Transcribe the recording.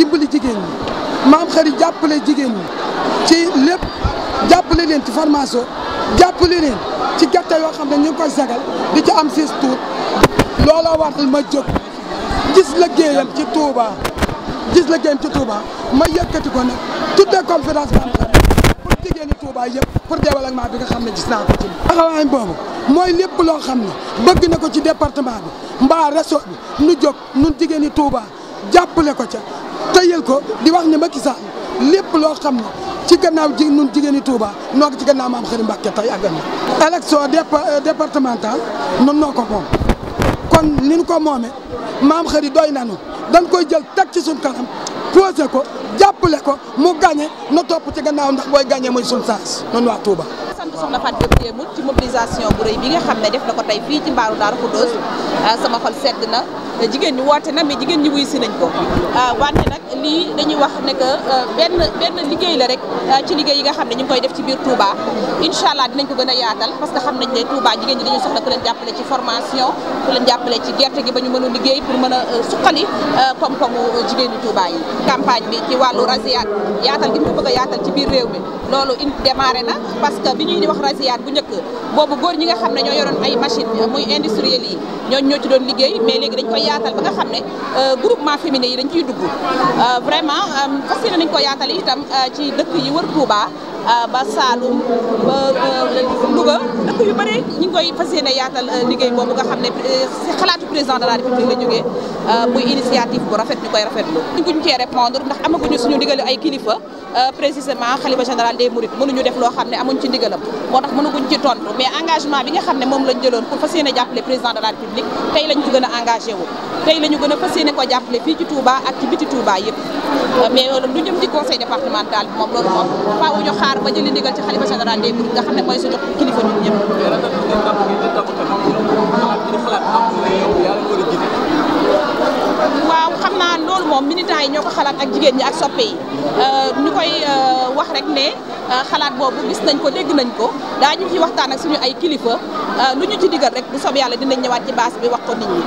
dimbali jigéen ñi maam xarit jàppale jigéen ñi ci lépp jàppale leen ci formation jàppale leen ci gerte yoo xam ne ñu ngi koy sagal di ci am siis tuut looloo waral ma jóg gis liggéeyam ci Touba gis liggéeyam ci Touba ma yëkkati ko nag tuddee conférence maam xarit pour jigéeni Touba bi xam ne gis naa ko ci taxawaayam boobu mooy lépp loo xam ne bëgg na ko ci département bi mbaa réseau bi nu jóg nun jigéeni Touba jàppale ko ca tëyal ko di wax ne Macky Sall lépp loo xam ne ci gannaaw ji nun jigéen ñi Touba noo ko ci gannaaw maam Xadim Mbàkke tey ak ëllëg. élection euh, départementale nun noo ko moom kon ni ñu ko moomee maam Xadim doy nañu dañ koy jël teg ci suñ kanam posé ko jàppale ko mu gagné na topp ci gannaaw ndax booy gagné mooy suñ saas noonu waa Touba. sant soxna Fatou Diop Diémoul ci mobilisation bu rëy bi nga xam ne def na ko tey fii ci mbaaru Darou Khoudoss euh, sama xol sedd na. jigéen ñi woote na mais jigéen ñi wuy si nañ ko ah, wante nag lii dañuy wax ne que euh, benn benn liggéey la rek euh, ci liggéey yi nga xam ne ñu ngi koy def ci biir Touba incha allah dinañ ko gën a yaatal parce que xam nañ ne Touba jigéen ñi dañuy soxla ku leen jàppale ci gi ba ñu mën a liggéey pour mën a euh, suqali koom-koomu jigéenu Touba yi campagne bi ci wàllu rasiyaat yaatal gi ñu ko bëgg a yaatal ci biir réew mi loolu in na parce bi ñuy wax rasiyaat bu njëkk boobu góor ñi nga xam ne ñoo yoroon ay machine muy industriel yi ñooñu ñoo ci doon liggéey mais léegi dañ koy yaatal ba nga xam ne euh, groupement féminin yi dañ ciy dugg euh, vraiment euh, fas yéene nañ ko yaatal itam ci dëkk yi war Touba ba Saalum ba Louga dëkk yu bëri ñu koy fas yéene yaatal liggéey boobu nga xam ne si xalaatu président de la république la jógee muy initiative bu rafet ñu koy rafetlu. ñu guñ cee répondre ndax amaguñu suñu ndigalu ay kilifa. Euh, précisément xalifa général des mourides mënuñu def loo xam ne amuñ ci ndigalam moo tax mënuguñ ci tontu mais engagement bi nga xam ne moom lañ jëloon pour fas yéene jàppale président de la république tey lañ ci gën a engagé wu ko jàppale fii ci Touba ak ci biti Touba yëpp euh, mais lu jëm ci conseil départemental moom loolu moom faaw ñu xaar ba jëli ndigal ci xalifa général des mourides nga xam ne mooy suñu kilifa ñun ñëpp ko xalaat ak jigéen ñi ak soppe yi euh, ñu koy euh, wax rek ne euh, xalaat boobu gis nañ ko dégg nañ ko daañu ci waxtaan ak suñu ay kilifa lu ñu ci diggal rek bu sob yàlla dinañ ñëwaat ci baas bi wax ko nit ñi.